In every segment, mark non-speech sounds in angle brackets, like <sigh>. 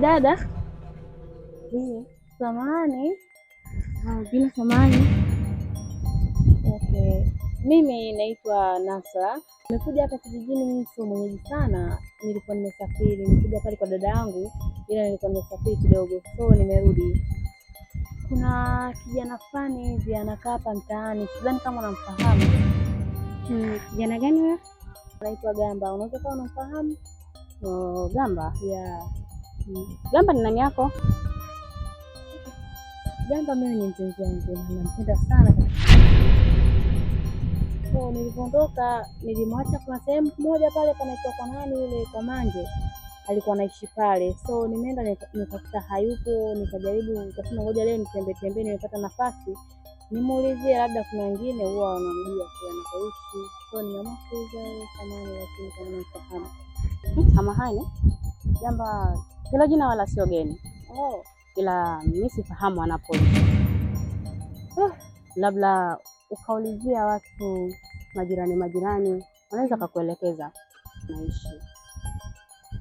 Dada samani, ah, bila samani. Okay, mimi naitwa Nasra, nimekuja hapa kijijini. Mimi sio mwenyeji sana, nilikuwa nimesafiri, nilikuja pale kwa dada yangu, ila nilikuwa nimesafiri kidogo, so nimerudi. Kuna kijana fulani hivi anakaa hapa mtaani, sidhani kama unamfahamu. Hmm, kijana gani wewe? Anaitwa Gamba, unaweza kama unamfahamu? Oh, Gamba yeah. Jamba ni nani yako? Jamba mimi ni mpenzi wangu na nampenda sana. So nilipoondoka nilimwacha, kuna sehemu moja pale panaitwa kwa nani ile kwa Mange alikuwa anaishi pale, so nimeenda nikakuta hayupo, nikajaribu nikasema ngoja leo nitembee tembee, nimepata nafasi nimuulizie, labda kuna wengine huwa wanamjua kwa anaishi. So nimeamua kuuza samani, lakini kama msahama Samahani, jamba hilo jina wala sio geni oh. Ila mimi sifahamu anapoishi eh, oh. labda ukaulizia watu majirani, majirani wanaweza kakuelekeza naishi.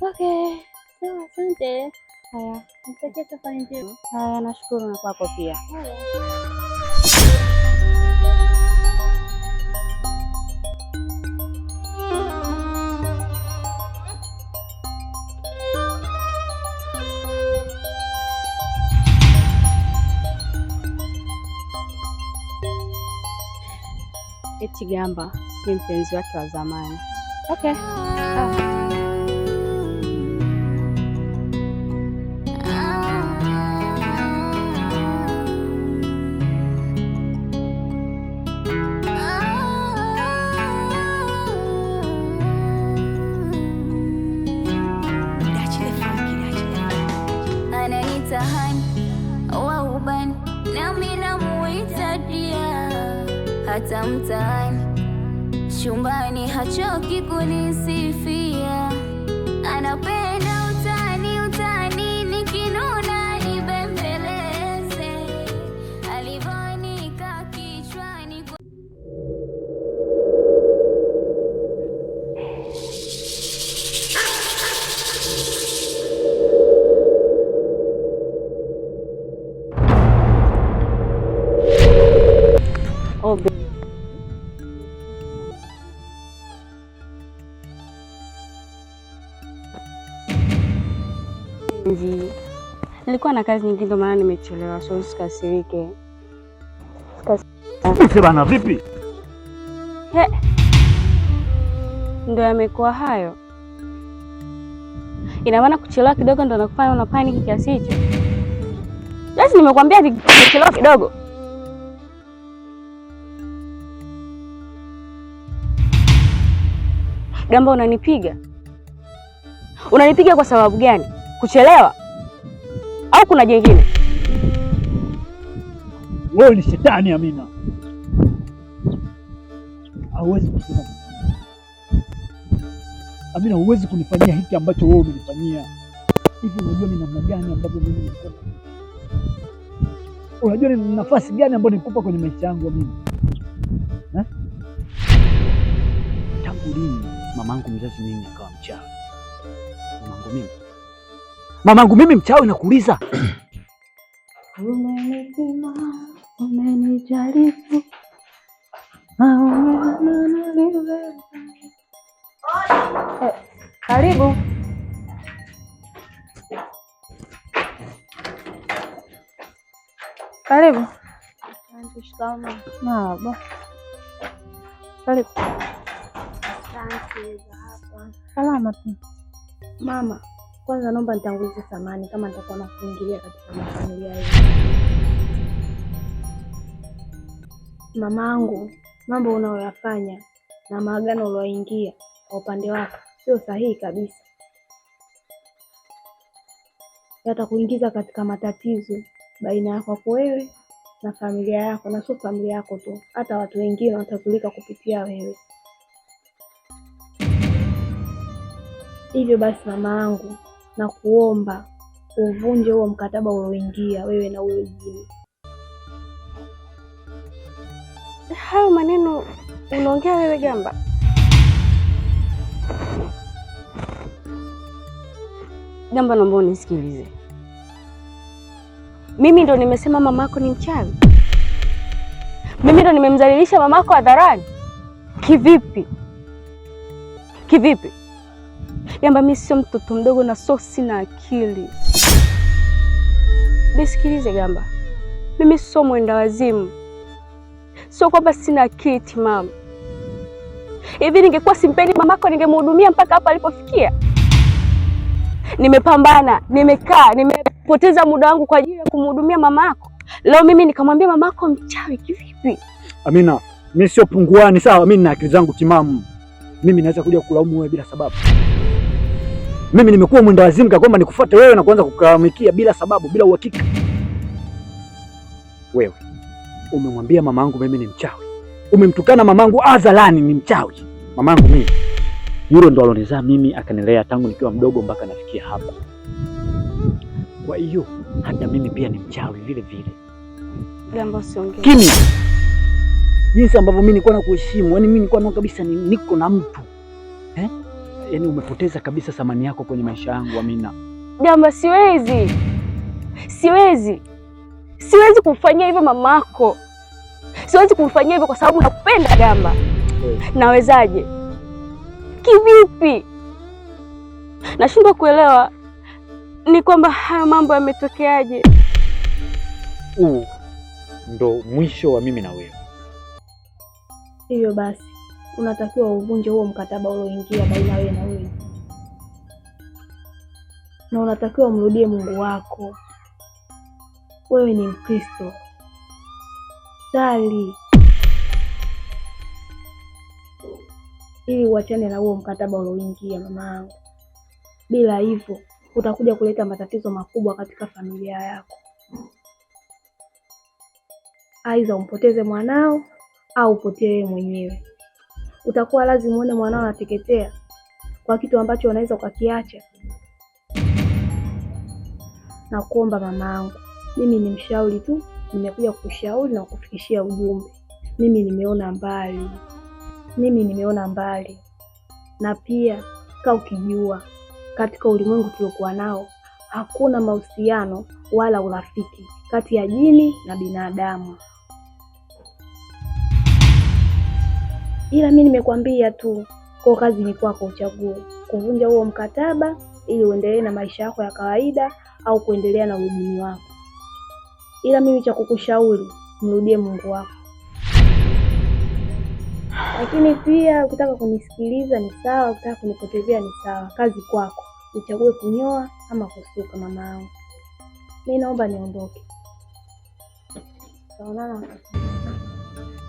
Okay, sawa, asante. Haya, mtakie safari njema. Haya, nashukuru na kwako pia. Haya. eti gamba ni mpenzi wake wa zamani. Okay. Ah. up na kazi nyingine, ndio maana nimechelewa. So usikasirike. Usi bana, vipi? Ndo yamekuwa hayo? Ina maana kuchelewa kidogo ndo nakufanya una panic kiasi hicho? Basi nimekwambia nimechelewa kidogo. Gamba, unanipiga unanipiga kwa sababu gani? Kuchelewa kuna jingine? Wewe ni shetani Amina, hauwezi Amina, huwezi kunifanyia hiki ambacho wewe umenifanyia. Hivi unajua ni namna gani ambavyo mimi nilikuwa, unajua ni nafasi gani ambayo nikupa kwenye maisha yangu mimi? Tangu lini mamangu mzazi mimi akawa mchana? Mamangu mimi Mamangu mimi mchawi nakuuliza. Umenipima, umenijaribu. Eh, karibu. Karibu. Maba. Karibu. Salama tu. Mama. Kwanza naomba nitangulize samani kama nitakuwa nakuingilia katika familia hii. Mamangu, mambo unayoyafanya na maagano ulioingia kwa upande wako sio sahihi kabisa, yatakuingiza katika matatizo baina ya kwako wewe na familia yako, na sio familia yako tu, hata watu wengine watatulika kupitia wewe. Hivyo basi mama yangu na kuomba uvunje huo mkataba ulioingia wewe na huyo jini. Hayo maneno unaongea wewe Gamba? Gamba, naomba unisikilize. Mimi ndo nimesema mamako ni mchawi? Mimi ndo nimemdhalilisha mamako hadharani? Kivipi? Kivipi? yamba mimi sio mtoto mdogo na so sina akili. Nisikilize Gamba, mimi sio mwenda wazimu, sio kwamba sina akili timamu. Hivi ningekuwa simpendi mamako ningemhudumia mpaka hapa alipofikia? Nimepambana, nimekaa, nimepoteza muda wangu kwa ajili ya kumhudumia mamako. Leo mimi nikamwambia mamako mchawi? Kivipi? Amina, mimi sio punguani, sawa. Mimi nina akili zangu timamu, mimi naweza kuja kulaumu wewe bila sababu. Mimi nimekuwa mwenda wazimu kwamba nikufuate wewe na kuanza kukulalamikia bila sababu, bila uhakika. Wewe umemwambia mamangu mimi ni mchawi, umemtukana mamangu adharani ni mchawi. Mamangu mimi yule ndo alonizaa mimi, akanilea tangu nikiwa mdogo mpaka nafikia hapa. Kwa hiyo hata mimi pia ni mchawi vile vile. Gambo, Kimi, jinsi ambavyo mimi nilikuwa nakuheshimu, yaani mimi nilikuwa naona kabisa niko na mtu eh? yani umepoteza kabisa thamani yako kwenye maisha yangu Amina. Jamba, siwezi, siwezi, siwezi kumfanyia hivyo mamako, siwezi kumfanyia hivyo kwa sababu nakupenda Jamba. Hey. Eh. Nawezaje? Kivipi? Nashindwa kuelewa ni kwamba haya mambo yametokeaje? Huu ndo mwisho wa mimi na wewe. Hiyo basi unatakiwa uvunje huo mkataba ulioingia baina wewe na wewe, na unatakiwa umrudie Mungu wako. Wewe ni Mkristo, sali ili uachane na huo mkataba ulioingia mama yangu. Bila hivyo utakuja kuleta matatizo makubwa katika familia yako, aidha umpoteze mwanao au upotee mwenyewe utakuwa lazima uone mwanao anateketea kwa kitu ambacho unaweza ukakiacha. Na kuomba mamaangu, mimi ni mshauri tu, nimekuja kukushauri na kukufikishia ujumbe. Mimi nimeona mbali, mimi nimeona mbali, na pia kaa ukijua katika ulimwengu tuliokuwa nao hakuna mahusiano wala urafiki kati ya jini na binadamu. ila mi nimekwambia tu, kwa kazi ni kwako, uchague kuvunja huo mkataba ili uendelee na maisha yako ya kawaida au kuendelea na ujini wako, ila mimi cha kukushauri mrudie Mungu wako. Lakini pia ukitaka kunisikiliza ni sawa, ukitaka kunipotezea ni sawa, kazi kwako, uchague kunyoa ama kusuka. Mama yangu, mi naomba niondoke.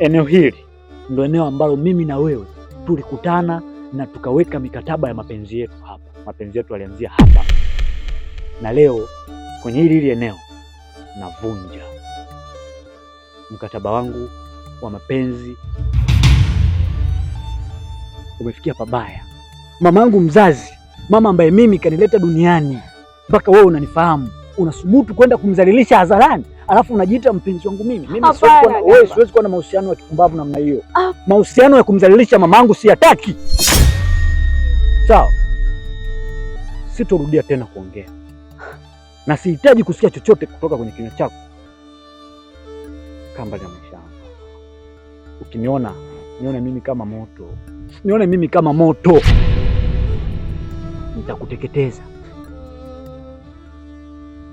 Eneo hili ndo eneo ambalo mimi na wewe tulikutana na tukaweka mikataba ya mapenzi yetu hapa. Mapenzi yetu alianzia hapa, na leo kwenye hili hili eneo navunja mkataba wangu wa mapenzi. Umefikia pabaya, mama yangu mzazi, mama ambaye mimi kanileta duniani mpaka wewe unanifahamu unasubutu kwenda kumzalilisha hadharani, alafu unajiita mpenzi wangu mimi. Mimi wewe, siwezi kuwa na mahusiano ya kipumbavu namna hiyo. Ah. Mahusiano ya kumzalilisha mamangu siyataki. Sawa, sitorudia tena kuongea na sihitaji kusikia chochote kutoka kwenye kinywa chako. Kamba ya maisha yangu. Ukiniona nione mimi kama moto, nione mimi kama moto, nitakuteketeza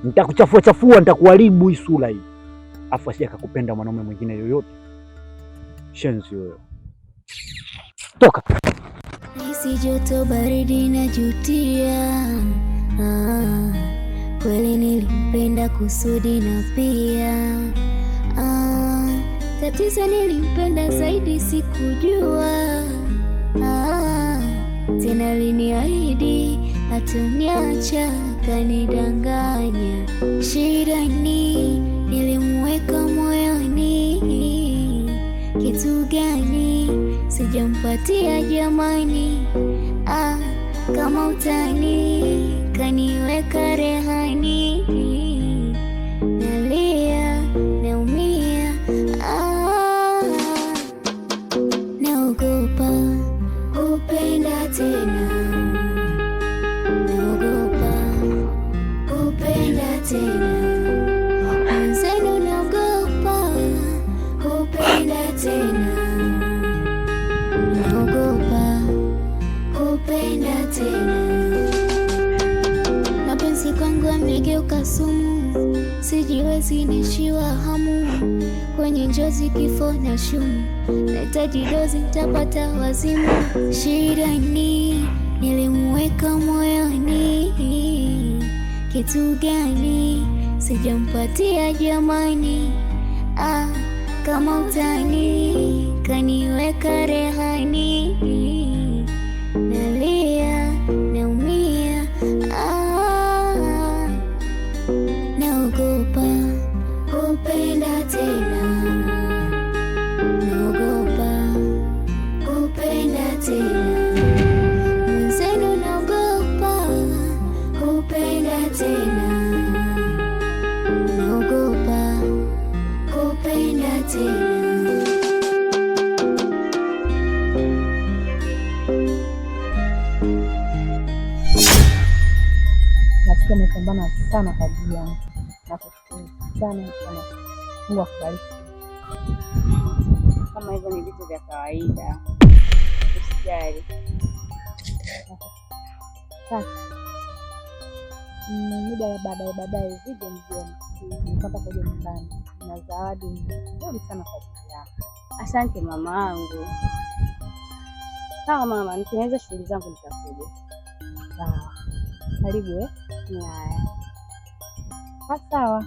nitakuchafua chafua, nitakuharibu hii sura hii, afu asija akakupenda mwanaume mwingine yoyote. Shenzi wewe, toka nisi joto baridi na jutia. Ah, kweli nilimpenda kusudi na pia ah, tatizo nilimpenda zaidi sikujua ah, tena liniahidi atoniacha kanidanganya. Shida ni nilimweka moyoni, kitu gani sijampatia jamani? Ah, kama utani kaniweka rehani kitu gani sijampatia jamani? Ah, kama utani kaniweka rehani Nasikia nimepambana sana kwa ajili yangu. Nakushukuru sana sana. Mungu akubariki. Kama hivyo ni vitu vya kawaida, usijali. Sasa mm, muda wa baadaye baadaye vije mjioni, nipaka kuja nyumbani na zawadi nzuri sana kwa ajili yako. Asante mama wangu. Sawa mama, nikiweza shughuli zangu nitakuja. Sawa, karibu eh naye. Ah, sawa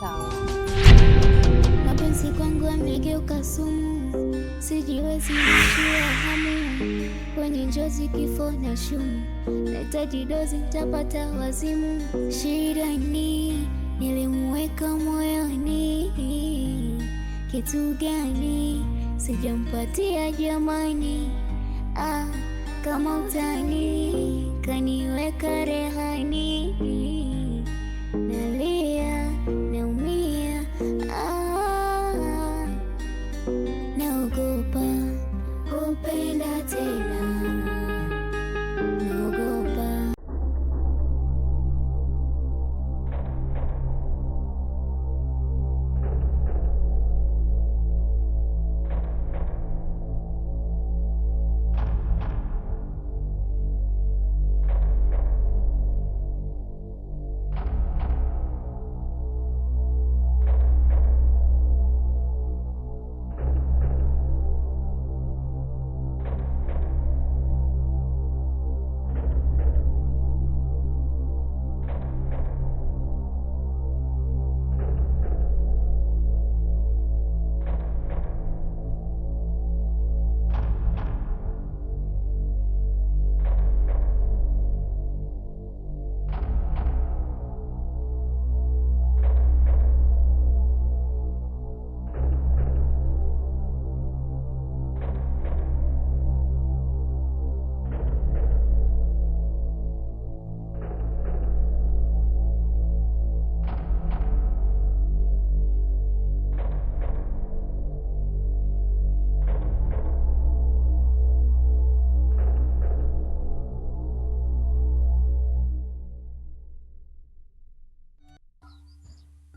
sawa. Mapenzi kwangu amegeuka sumu, sijiwezi kushia hamu, kwenye njozi kifo na shumu, nahitaji dozi nitapata wazimu. Shida ni nilimweka moyoni, kitu gani sijampatia jamani? Ah, kama utani kaniweka rehani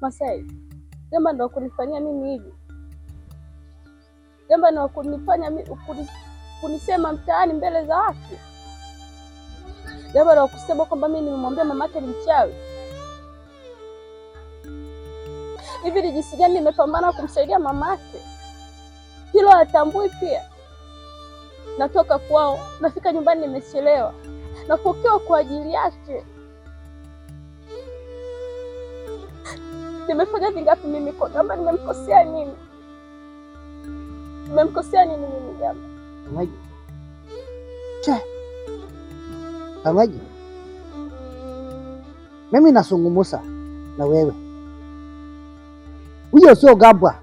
Masai, jamba ndo wakunifanyia mimi hivi? jamba ndo mimi kunisema mtaani mbele za watu? Jamba ndo kusema kwamba mimi nimemwambia mamake ni mchawi? Hivi ni jinsi gani nimepambana kumsaidia mamake? Hilo hatambui pia. Natoka kwao, nafika nyumbani nimechelewa, napokewa kwa ajili yake. nimefanya vingapi mimi kwa ama nimemkosea nini? Nimemkosea nini mimi jama? Samaji, Samaji, mimi nasungumusa na wewe, huyo sio Gabwa.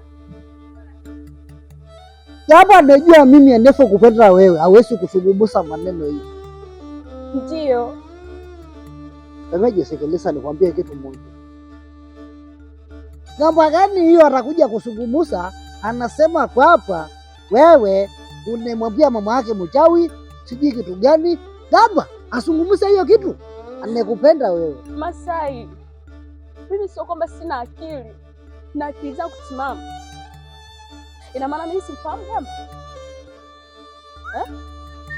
Gabwa najua mimi enefo kupenda wewe, hawezi kusungumusa maneno hiyo. Ndio Samaji, sikiliza nikwambie kitu moja ng'ambo gani hiyo? Atakuja kusungumusa, anasema kwa hapa wewe unemwambia mama yake mchawi, sijui kitu gani. Ng'amba asungumusa hiyo kitu, anekupenda wewe Masai. Mimi sio kwamba sina akili na akili zangu kusimama, ina maana mimi simfahamu Ng'amba eh?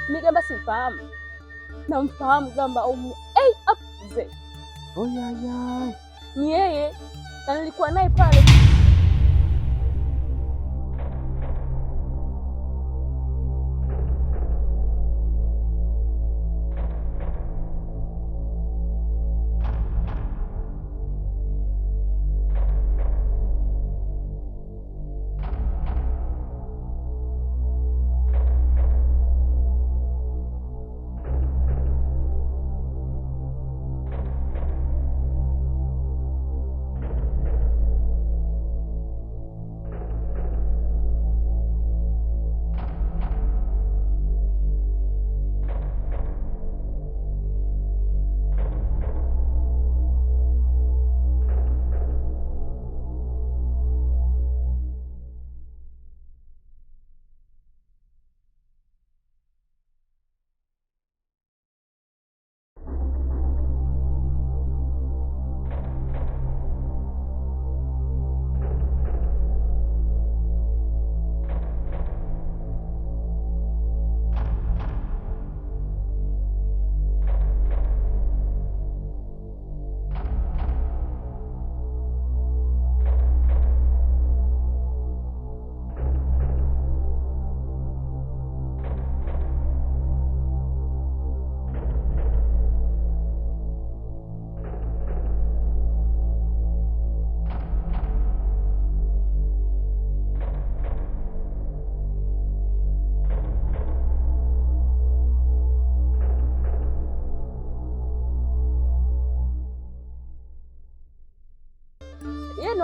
Mimi Ng'amba simfahamu, namfahamu Ng'amba au hey, ni yeye na nilikuwa naye pale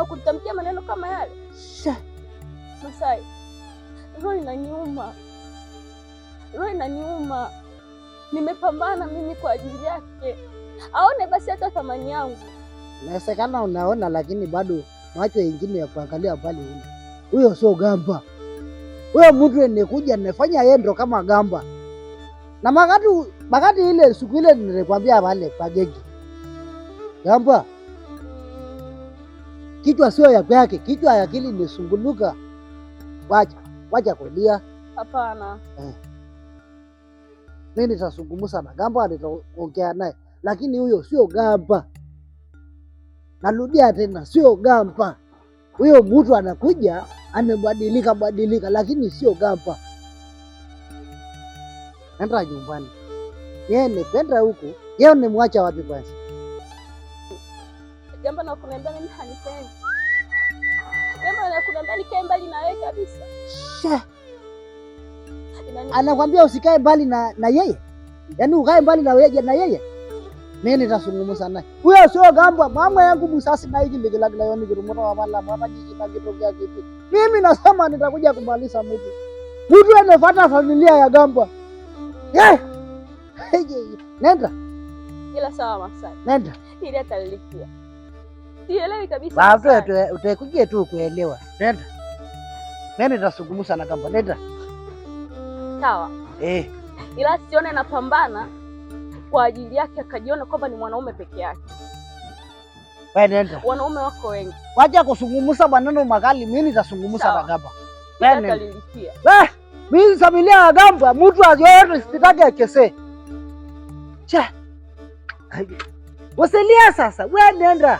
au kutamkia maneno kama yale. Masai, roho inaniuma, roho inaniuma. Nimepambana mimi kwa ajili yake, aone basi hata thamani yangu. Inawezekana unaona, lakini bado macho yengine ya kuangalia pale. Huyo sio gamba, huyo mtu nikuja nefanya yeye ndo kama gamba na makati makati ile siku ile nilikwambia pale pagegi gamba kichwa sio ya kwake, kichwa ya akili imesunguluka. Wacha wacha kulia. Hapana eh. Mimi nitasungumusa na Gamba, nitaongea naye, lakini huyo sio Gamba. Narudia tena, sio Gamba. Huyo mtu anakuja amebadilika badilika, lakini sio Gamba. Nenda nyumbani, yeye nipenda huku, yeye nimwacha wapi kwanza? jambo na kuniambia mimi hanipendi, jambo na kuniambia nikae mbali na yeye kabisa. Anakwambia usikae mbali na, na yeye, yaani ukae mbali na yeye na yeye. Mimi nitazungumza naye huyo, sio gambwa mama yangu msasi na hiki ndio lagla yoni kirumoro wa wala mama jiji na kitokea kipi. Mimi nasema nitakuja kumaliza mtu mtu anafuata familia ya gamba yeah. <laughs> Nenda ila sawa, Masai nenda ile atalikia. Sielewi kabisa. Basi utakuja tu kuelewa. Nenda. Mimi tasungumusa na kamba. Nenda. Sawa. Eh. Ila sione anapambana kwa ajili yake akajiona kwamba ni mwanaume peke yake. Wewe nenda. Wanaume wako wengi. Waje kusungumusa maneno makali, mimi nitasungumusa na kamba. Wewe nenda. Eh, mimi familia ya gamba, mtu ajoyote sitaki akese. Cha. Wasilia sasa, wewe nenda.